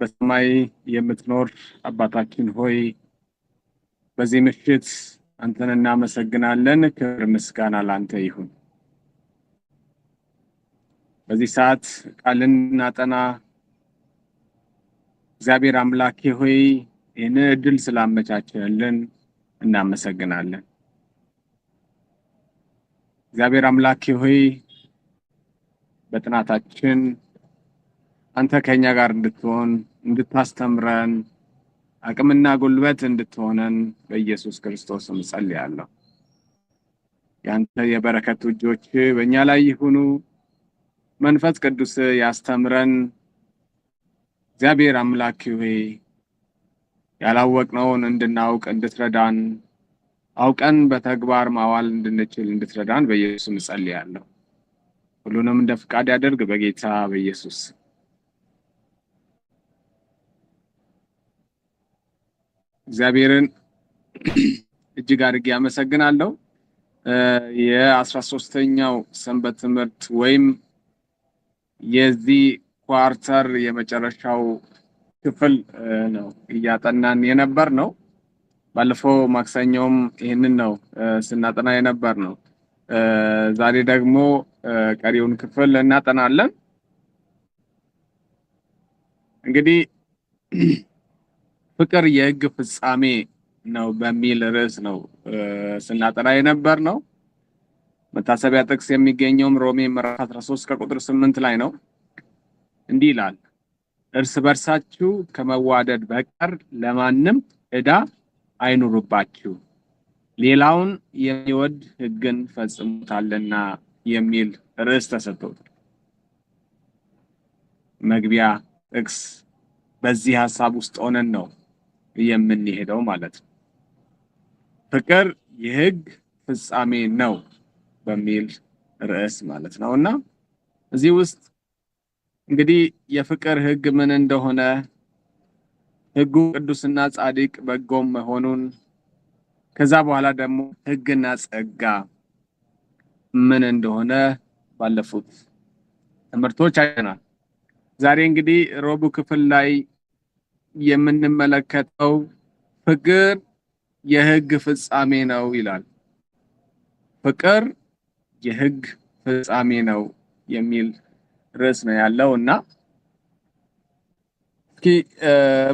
በሰማይ የምትኖር አባታችን ሆይ በዚህ ምሽት አንተን እናመሰግናለን። ክብር ምስጋና ላንተ ይሁን። በዚህ ሰዓት ቃልን እናጠና እግዚአብሔር አምላኬ ሆይ ይህን እድል ስላመቻችልን እናመሰግናለን። እግዚአብሔር አምላኬ ሆይ በጥናታችን አንተ ከኛ ጋር እንድትሆን እንድታስተምረን አቅምና ጉልበት እንድትሆነን በኢየሱስ ክርስቶስ እንጸልያለሁ። ያንተ የበረከት እጆች በእኛ ላይ ይሁኑ። መንፈስ ቅዱስ ያስተምረን። እግዚአብሔር አምላክ ሆይ ያላወቅነውን እንድናውቅ እንድትረዳን፣ አውቀን በተግባር ማዋል እንድንችል እንድትረዳን በኢየሱስ እጸልያለሁ። ሁሉንም እንደ ፍቃድ ያደርግ በጌታ በኢየሱስ እግዚአብሔርን እጅግ አድርጌ አመሰግናለሁ። የአስራ ሶስተኛው ሰንበት ትምህርት ወይም የዚህ ኳርተር የመጨረሻው ክፍል ነው እያጠናን የነበር ነው። ባለፈው ማክሰኞም ይህንን ነው ስናጠና የነበር ነው። ዛሬ ደግሞ ቀሪውን ክፍል እናጠናለን እንግዲህ ፍቅር የህግ ፍጻሜ ነው በሚል ርዕስ ነው ስናጠና የነበር ነው። መታሰቢያ ጥቅስ የሚገኘውም ሮሜ ምዕራፍ 13 ከቁጥር 8 ላይ ነው። እንዲህ ይላል፣ እርስ በርሳችሁ ከመዋደድ በቀር ለማንም ዕዳ አይኑርባችሁ፣ ሌላውን የሚወድ ህግን ፈጽሞታልና የሚል ርዕስ ተሰጥቶታል። መግቢያ ጥቅስ በዚህ ሀሳብ ውስጥ ሆነን ነው የምንሄደው ማለት ነው። ፍቅር የህግ ፍጻሜ ነው በሚል ርዕስ ማለት ነው እና እዚህ ውስጥ እንግዲህ የፍቅር ህግ ምን እንደሆነ ህጉ ቅዱስና ጻድቅ በጎም መሆኑን ከዛ በኋላ ደግሞ ህግና ጸጋ ምን እንደሆነ ባለፉት ትምህርቶች አይተናል። ዛሬ እንግዲህ ሮቡ ክፍል ላይ የምንመለከተው ፍቅር የህግ ፍጻሜ ነው ይላል። ፍቅር የህግ ፍጻሜ ነው የሚል ርዕስ ነው ያለው እና እስኪ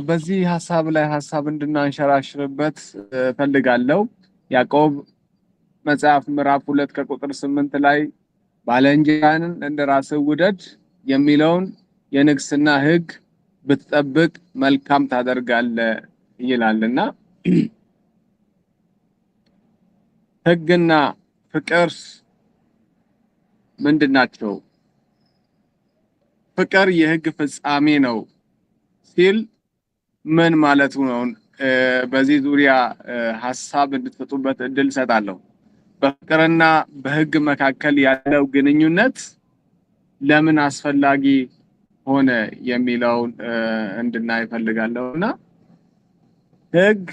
በዚህ ሀሳብ ላይ ሀሳብ እንድናንሸራሽርበት ፈልጋለሁ። ያዕቆብ መጽሐፍ ምዕራፍ ሁለት ከቁጥር ስምንት ላይ ባለንጀራን እንደራስህ ውደድ የሚለውን የንግስና ህግ ብትጠብቅ መልካም ታደርጋለህ ይላልና ህግና ፍቅርስ ምንድን ናቸው? ፍቅር የህግ ፍጻሜ ነው ሲል ምን ማለቱ ነው? በዚህ ዙሪያ ሀሳብ እንድትፈጡበት እድል እሰጣለሁ። በፍቅርና በህግ መካከል ያለው ግንኙነት ለምን አስፈላጊ ሆነ የሚለውን እንድናይ እፈልጋለሁ እና ህግ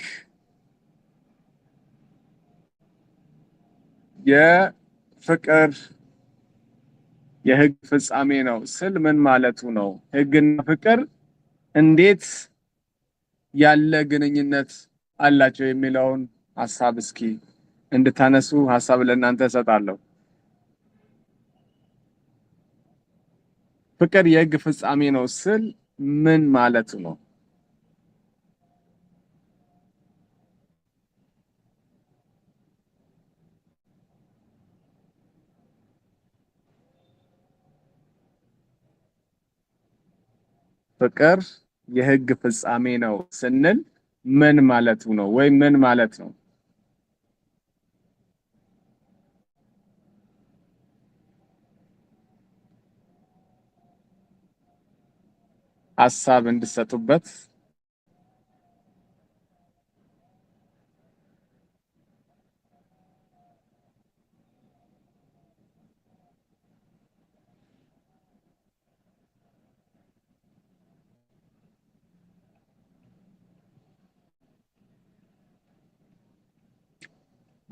የፍቅር የህግ ፍጻሜ ነው ስል ምን ማለቱ ነው? ህግና ፍቅር እንዴት ያለ ግንኙነት አላቸው የሚለውን ሀሳብ እስኪ እንድታነሱ ሀሳብ ለእናንተ እሰጣለሁ። ፍቅር የህግ ፍጻሜ ነው ስል ምን ማለት ነው? ፍቅር የህግ ፍጻሜ ነው ስንል ምን ማለቱ ነው? ወይም ምን ማለት ነው? ሀሳብ እንድሰጡበት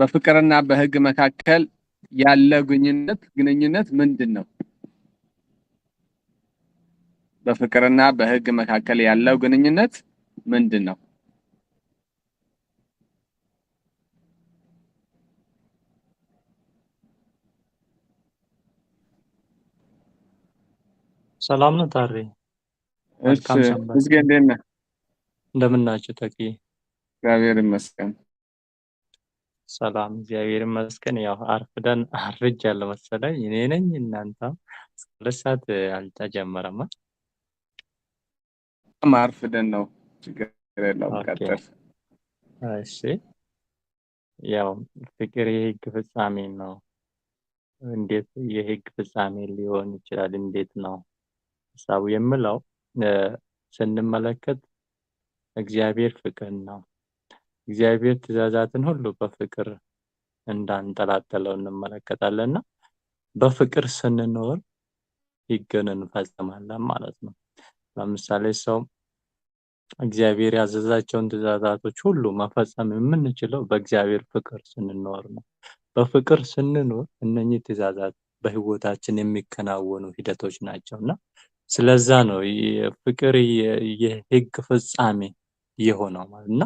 በፍቅርና በሕግ መካከል ያለ ግንኙነት ግንኙነት ምንድን ነው? በፍቅርና በህግ መካከል ያለው ግንኙነት ምንድን ነው? ሰላም ነው ታሬ። እሺ እንዴት ነህ? እንደምን ናችሁ ተቅዬ? እግዚአብሔር ይመስገን ሰላም፣ እግዚአብሔር ይመስገን። ያው አርፍደን አርፍጃለሁ መሰለኝ እኔ ነኝ። እናንተ ሁለት ሰዓት አልተጀመረማ ማርፍደን ነው ችግር የለውም። ቀጥል። እሺ ያው ፍቅር የህግ ፍጻሜ ነው። እንዴት የህግ ፍጻሜ ሊሆን ይችላል? እንዴት ነው ሀሳቡ የምለው ስንመለከት እግዚአብሔር ፍቅር ነው። እግዚአብሔር ትእዛዛትን ሁሉ በፍቅር እንዳንጠላጠለው እንመለከታለን እና በፍቅር ስንኖር ህግን እንፈጽማለን ማለት ነው። ለምሳሌ ሰው እግዚአብሔር ያዘዛቸውን ትእዛዛቶች ሁሉ መፈጸም የምንችለው በእግዚአብሔር ፍቅር ስንኖር ነው። በፍቅር ስንኖር እነኚህ ትእዛዛት በህይወታችን የሚከናወኑ ሂደቶች ናቸው እና ስለዛ ነው ፍቅር የህግ ፍጻሜ የሆነው ማለት እና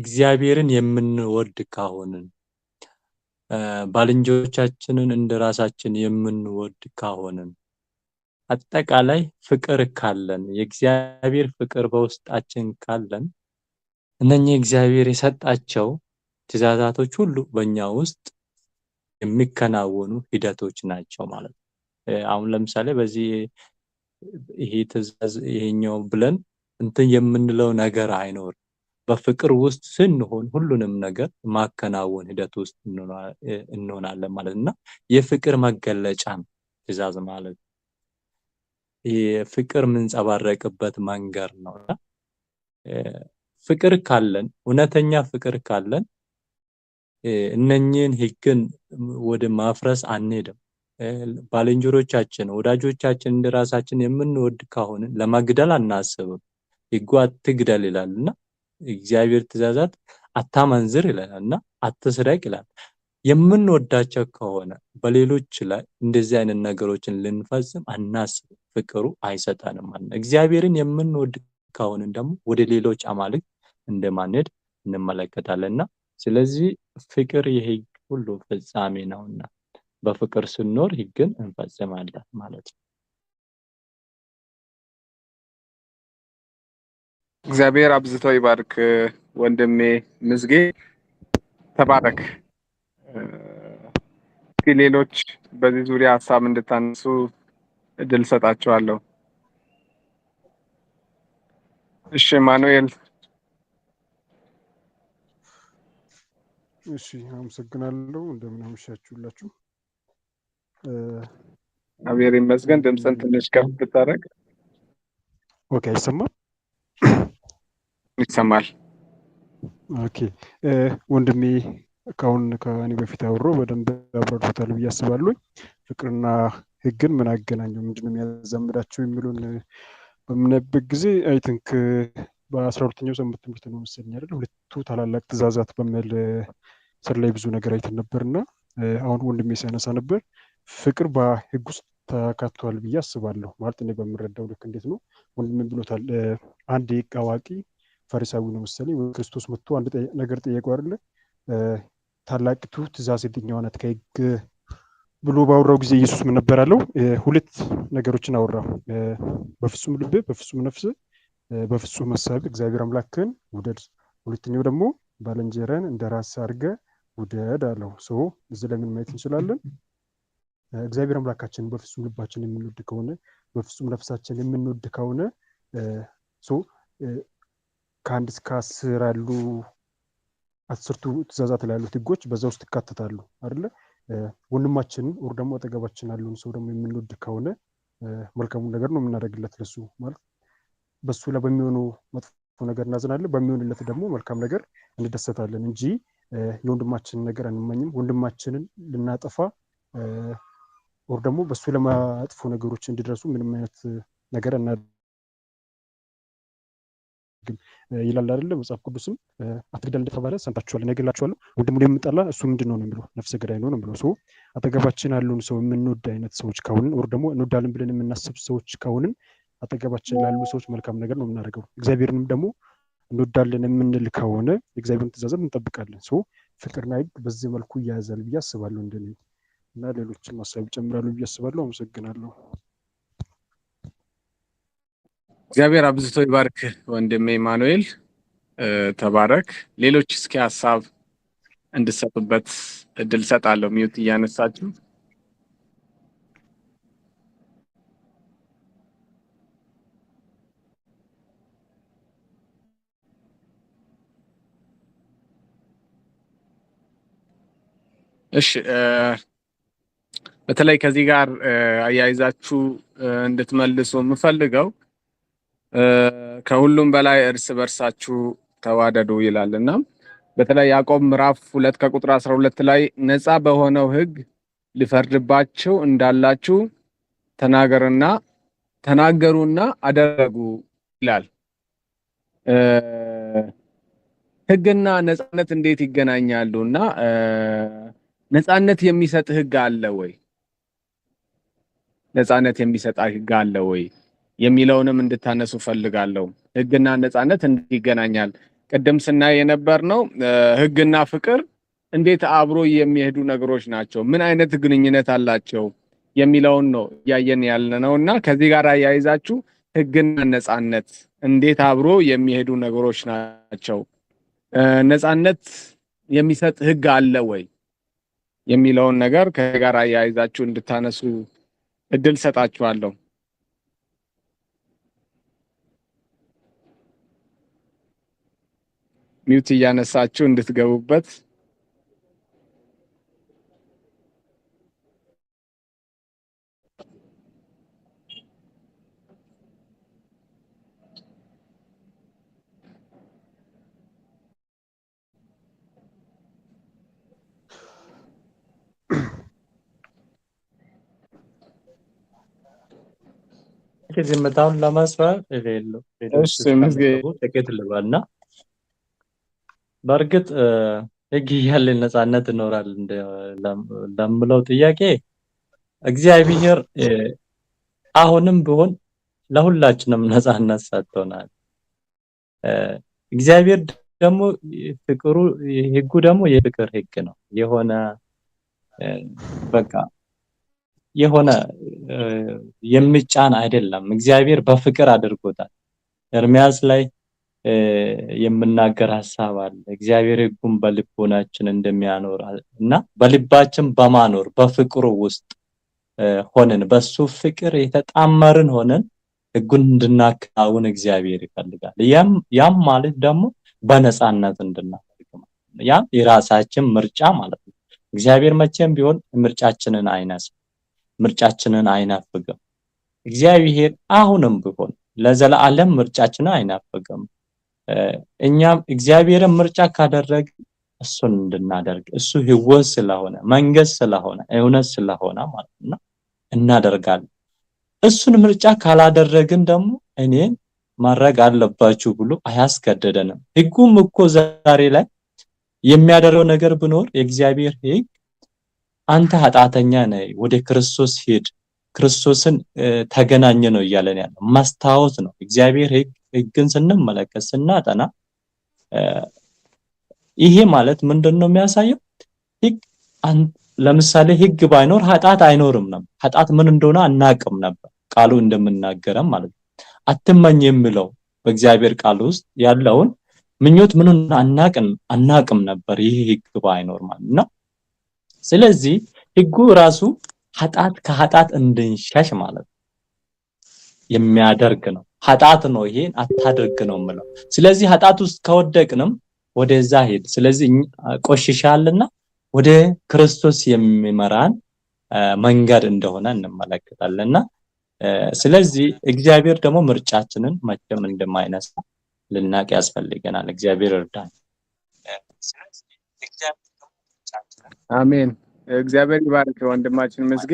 እግዚአብሔርን የምንወድ ካሆንን ባልንጆቻችንን ራሳችን የምንወድ ካሆንን አጠቃላይ ፍቅር ካለን የእግዚአብሔር ፍቅር በውስጣችን ካለን እነኚህ እግዚአብሔር የሰጣቸው ትእዛዛቶች ሁሉ በእኛ ውስጥ የሚከናወኑ ሂደቶች ናቸው ማለት ነው። አሁን ለምሳሌ በዚህ ይሄ ትእዛዝ ይሄኛው ብለን እንትን የምንለው ነገር አይኖርም። በፍቅር ውስጥ ስንሆን ሁሉንም ነገር ማከናወን ሂደት ውስጥ እንሆናለን ማለት እና የፍቅር መገለጫ ነው ትእዛዝ ማለት ፍቅር የምንጸባረቅበት መንገድ ነው። ፍቅር ካለን እውነተኛ ፍቅር ካለን እነኚህን ህግን ወደ ማፍረስ አንሄድም። ባልንጀሮቻችን፣ ወዳጆቻችን እንደራሳችን የምንወድ ከሆነ ለመግደል አናስብም። ህጉ አትግደል ይላልና እግዚአብሔር ትእዛዛት አታመንዝር እና አትስረቅ ይላል። የምንወዳቸው ከሆነ በሌሎች ላይ እንደዚህ አይነት ነገሮችን ልንፈጽም አናስብ። ፍቅሩ አይሰጠንም ማለት ነው። እግዚአብሔርን የምንወድ ከሆንን ደግሞ ወደ ሌሎች አማልክት እንደማንሄድ እንመለከታለን እና ስለዚህ ፍቅር የሕግ ሁሉ ፍጻሜ ነውና በፍቅር ስንኖር ሕግን እንፈጽማለን ማለት ነው። እግዚአብሔር አብዝተው ይባርክ ወንድሜ ምዝጌ፣ ተባረክ። እስኪ ሌሎች በዚህ ዙሪያ ሀሳብ እንድታነሱ እድል ሰጣችኋለሁ። እሺ ማኑኤል። እሺ አመሰግናለሁ። እንደምን አመሻችሁላችሁ። አብሔር ይመስገን። ድምፅን ትንሽ ከፍ ብታደርግ። ኦኬ፣ አይሰማም? ይሰማል። ኦኬ ወንድሜ ከአሁን ከእኔ በፊት አብሮ በደንብ አብራርቶታል ብዬ አስባለሁ። ፍቅርና ህግን ምን አገናኘው? ምንድነው የሚያዛምዳቸው? የሚሉን በምናይበት ጊዜ አይ ቲንክ በአስራ ሁለተኛው ሰንበት ትምህርት ነው መሰለኝ አይደል? ሁለቱ ታላላቅ ትእዛዛት በሚል ስር ላይ ብዙ ነገር አይተን ነበር እና አሁን ወንድሜ ሲያነሳ ነበር ፍቅር በህግ ውስጥ ተካቷል ብዬ አስባለሁ። ማለት እኔ በምረዳው ልክ እንዴት ነው ወንድም ብሎታል። አንድ የህግ አዋቂ ፈሪሳዊ ነው መሰለኝ ክርስቶስ መጥቶ አንድ ነገር ጠየቀው አይደለ ታላቂቱ ትእዛዝ የትኛዋ ናት ከህግ ብሎ ባወራው ጊዜ ኢየሱስ ምን ነበር ያለው? ሁለት ነገሮችን አወራ። በፍጹም ልብ በፍጹም ነፍስ በፍጹም ሀሳብ እግዚአብሔር አምላክን ውደድ። ሁለተኛው ደግሞ ባለንጀረን እንደ ራስ አድርገ ውደድ አለው። ሰው እዚህ ማየት እንችላለን? እግዚአብሔር አምላካችን በፍጹም ልባችን የምንወድ ከሆነ በፍጹም ነፍሳችን የምንወድ ከሆነ ከአንድ እስከ አስር ያሉ አስርቱ ትእዛዛት ላይ ያሉት ህጎች በዛ ውስጥ ይካተታሉ አይደለ? ወንድማችንን ወር ደግሞ አጠገባችን ያለውን ሰው ደግሞ የምንወድ ከሆነ መልካሙን ነገር ነው የምናደርግለት ለሱ ማለት በሱ ላይ በሚሆኑ መጥፎ ነገር እናዝናለን፣ በሚሆንለት ደግሞ መልካም ነገር እንደሰታለን እንጂ የወንድማችንን ነገር አንመኝም። ወንድማችንን ልናጠፋ ወር ደግሞ በሱ ለመጥፎ ነገሮች እንዲደርሱ ምንም አይነት ነገር አያስፈልግም ይላል አይደለ? መጽሐፍ ቅዱስም አትግደል እንደተባለ ሰምታችኋል፣ እኔ እገድላችኋለሁ፣ ወንድሙን የምጠላ እሱ ምንድን ነው ነው የሚለው ነፍሰ ገዳይ ነው ነው የሚለው። ሰው አጠገባችን ያሉን ሰው የምንወድ አይነት ሰዎች ከሆንን ወር ደግሞ እንወዳለን ብለን የምናስብ ሰዎች ከሆንን አጠገባችን ላሉ ሰዎች መልካም ነገር ነው የምናደርገው። እግዚአብሔርንም ደግሞ እንወዳለን የምንል ከሆነ የእግዚአብሔርን ትእዛዝም እንጠብቃለን። ሰው ፍቅርና ሕግ በዚህ መልኩ እያያዛል ብዬ አስባለሁ እንደኔ እና ሌሎችም ሀሳብ ይጨምራሉ ብዬ አስባለሁ። አመሰግናለሁ። እግዚአብሔር አብዝቶ ይባርክ ወንድሜ ኢማኑኤል፣ ተባረክ። ሌሎች እስኪ ሀሳብ እንድሰጡበት እድል ሰጣለሁ። ሚዩት እያነሳችሁ እሺ በተለይ ከዚህ ጋር አያይዛችሁ እንድትመልሱ የምፈልገው ከሁሉም በላይ እርስ በርሳችሁ ተዋደዱ ይላል እና በተለይ ያዕቆብ ምዕራፍ ሁለት ከቁጥር አስራ ሁለት ላይ ነፃ በሆነው ሕግ ሊፈርድባችሁ እንዳላችሁ ተናገርና ተናገሩና አደረጉ ይላል። ሕግና ነፃነት እንዴት ይገናኛሉ? እና ነፃነት የሚሰጥ ሕግ አለ ወይ? ነፃነት የሚሰጥ ሕግ አለ ወይ? የሚለውንም እንድታነሱ ፈልጋለሁ። ህግና ነፃነት እንዴት ይገናኛል? ቅድም ስናይ የነበር ነው ህግና ፍቅር እንዴት አብሮ የሚሄዱ ነገሮች ናቸው? ምን አይነት ግንኙነት አላቸው የሚለውን ነው እያየን ያለ ነው እና ከዚህ ጋር አያይዛችሁ ህግና ነፃነት እንዴት አብሮ የሚሄዱ ነገሮች ናቸው? ነፃነት የሚሰጥ ህግ አለ ወይ የሚለውን ነገር ከጋር አያይዛችሁ እንድታነሱ እድል ሰጣችኋለሁ። ሚውት እያነሳችሁ እንድትገቡበት ከዚህ መጣሁን ለማስፋ ሌሎ ሌሎች ጥቂት ልበልና በእርግጥ ህግ እያለን ነፃነት እኖራል ለምለው ጥያቄ እግዚአብሔር አሁንም ቢሆን ለሁላችንም ነፃነት ሰጥቶናል። እግዚአብሔር ደግሞ ፍቅሩ ህጉ ደግሞ የፍቅር ህግ ነው። የሆነ በቃ የሆነ የሚጫን አይደለም። እግዚአብሔር በፍቅር አድርጎታል። ኤርሚያስ ላይ የምናገር ሀሳብ አለ። እግዚአብሔር ህጉን በልቦናችን እንደሚያኖር እና በልባችን በማኖር በፍቅሩ ውስጥ ሆነን በሱ ፍቅር የተጣመርን ሆነን ህጉን እንድናከናውን እግዚአብሔር ይፈልጋል። ያም ማለት ደግሞ በነፃነት እንድናደርግ ማለት ያም የራሳችን ምርጫ ማለት ነው። እግዚአብሔር መቼም ቢሆን ምርጫችንን አይነስ ምርጫችንን አይናፍግም። እግዚአብሔር አሁንም ቢሆን ለዘላለም ምርጫችንን አይናፍግም። እኛም እግዚአብሔርን ምርጫ ካደረግ እሱን እንድናደርግ እሱ ህይወት ስለሆነ መንገድ ስለሆነ እውነት ስለሆነ ማለት ነው እናደርጋለን። እሱን ምርጫ ካላደረግን ደግሞ እኔን ማድረግ አለባችሁ ብሎ አያስገደደንም። ህጉም እኮ ዛሬ ላይ የሚያደረው ነገር ብኖር የእግዚአብሔር ህግ አንተ ኃጢአተኛ ነህ፣ ወደ ክርስቶስ ሂድ፣ ክርስቶስን ተገናኘ ነው እያለን ያለው ማስታወት ነው። እግዚአብሔር ህግ ህግን ስንመለከት ስናጠና ይሄ ማለት ምንድን ነው የሚያሳየው ህግ ለምሳሌ ህግ ባይኖር ኃጢአት አይኖርም ነበር። ኃጢአት ምን እንደሆነ አናቅም ነበር ቃሉ እንደምናገረም ማለት ነው። አትመኝ የሚለው በእግዚአብሔር ቃል ውስጥ ያለውን ምኞት ምን አናቅን አናቅም ነበር ይሄ ህግ ባይኖር ማለት ነው። ስለዚህ ህጉ ራሱ ኃጢአት ከኃጢአት እንድንሸሽ ማለት የሚያደርግ ነው። ኃጢአት ነው። ይሄን አታድርግ ነው የምለው። ስለዚህ ኃጢአት ውስጥ ከወደቅንም ወደዛ ሄድ። ስለዚህ ቆሽሻልና ወደ ክርስቶስ የሚመራን መንገድ እንደሆነ እንመለከታለንና ስለዚህ እግዚአብሔር ደግሞ ምርጫችንን መቼም እንደማይነሳ ልናቅ ያስፈልገናል። እግዚአብሔር እርዳን። አሜን። እግዚአብሔር ይባርክ ወንድማችን ምዝጌ።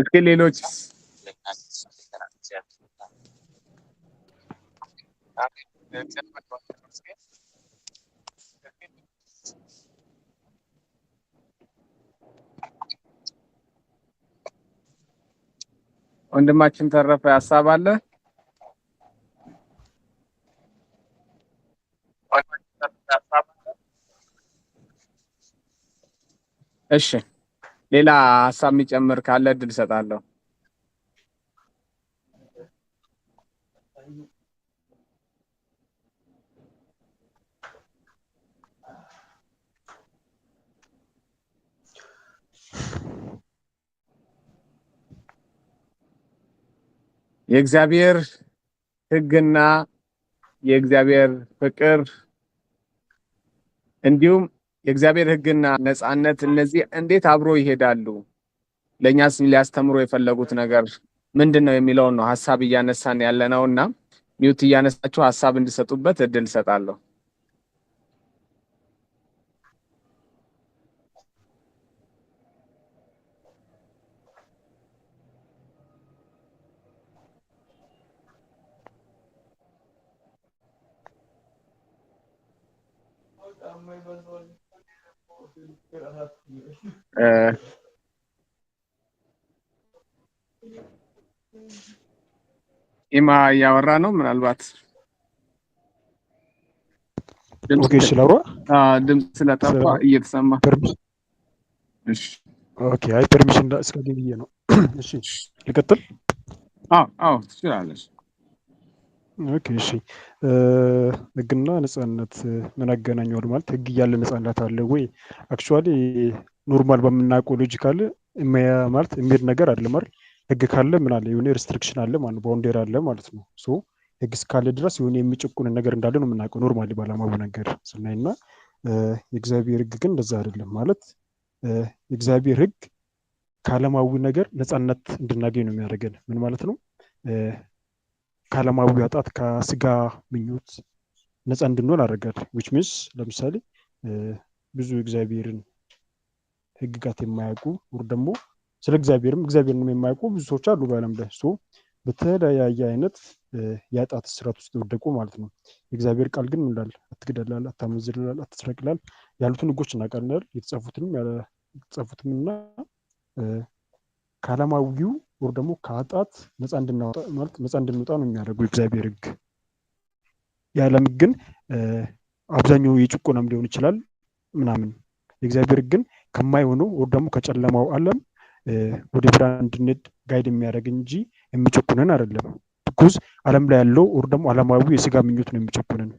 እስኪ ሌሎች ወንድማችን ተረፈ ሀሳብ አለ? እሺ ሌላ ሀሳብ የሚጨምር ካለ እድል እሰጣለሁ። የእግዚአብሔር ሕግና የእግዚአብሔር ፍቅር እንዲሁም የእግዚአብሔር ሕግና ነፃነት እነዚህ እንዴት አብሮ ይሄዳሉ? ለእኛስ ሊያስተምሮ የፈለጉት ነገር ምንድን ነው የሚለውን ነው ሀሳብ እያነሳን ያለነው እና ሚዩት እያነሳችሁ ሀሳብ እንዲሰጡበት እድል እሰጣለሁ። ኢማ እያወራ ነው። ምናልባት ድምጽ ስለጠፋ እየተሰማ ኦኬ። አይ ፐርሚሽን እስካገኝ ብዬ ነው። እሺ ልቀጥል። አዎ አዎ፣ ትችላለች። ኦኬ እሺ ህግና ነጻነት ምን አገናኘዋል ማለት ህግ እያለ ነጻነት አለ ወይ? አክቹዋሊ ኖርማል በምናውቀው ሎጂካል ማለት የሚሄድ ነገር አለ ማለት ህግ ካለ ምን አለ የሆነ ሪስትሪክሽን አለ ማለት ባውንዴር አለ ማለት ነው። ሶ ህግ እስካለ ድረስ የሆነ የሚጭቁን ነገር እንዳለ ነው የምናውቀው ኖርማል ባለማዊ ነገር ስናይና የእግዚአብሔር ህግ ግን እንደዛ አይደለም ማለት የእግዚአብሔር ህግ ከአለማዊ ነገር ነጻነት እንድናገኝ ነው የሚያደርገን ምን ማለት ነው ከዓለማዊ ኃጢአት ከስጋ ምኞት ነፃ እንድንሆን አደረጋል። ዊች ሚንስ ለምሳሌ ብዙ እግዚአብሔርን ህግጋት የማያውቁ ወር ደግሞ ስለ እግዚአብሔርም እግዚአብሔርንም የማያውቁ ብዙ ሰዎች አሉ በዓለም ላይ ሶ በተለያየ አይነት የአጣት ስርዓት ውስጥ ወደቁ ማለት ነው። የእግዚአብሔር ቃል ግን ምንላል አትግደላል፣ አታመንዝር አትስረቅላል አትስረቅ ይላል። ያሉትን ህጎች እናውቃለን የተጻፉትንም እና ከዓለማዊው ወር ደግሞ ከኃጢአት ነፃ እንድናወጣ ማለት ነፃ እንድንወጣ ነው የሚያደርገው የእግዚአብሔር ህግ። የዓለም ግን አብዛኛው የጭቆናም ሊሆን ይችላል ምናምን። የእግዚአብሔር ግን ከማይሆነው ወር ደግሞ ከጨለማው ዓለም ወደ ብርሃን እንድንድ ጋይድ የሚያደርግ እንጂ የሚጨቁነን አይደለም። ቢኮዝ ዓለም ላይ ያለው ወር ደግሞ ዓለማዊ የስጋ ምኞት ነው የሚጨቁነን።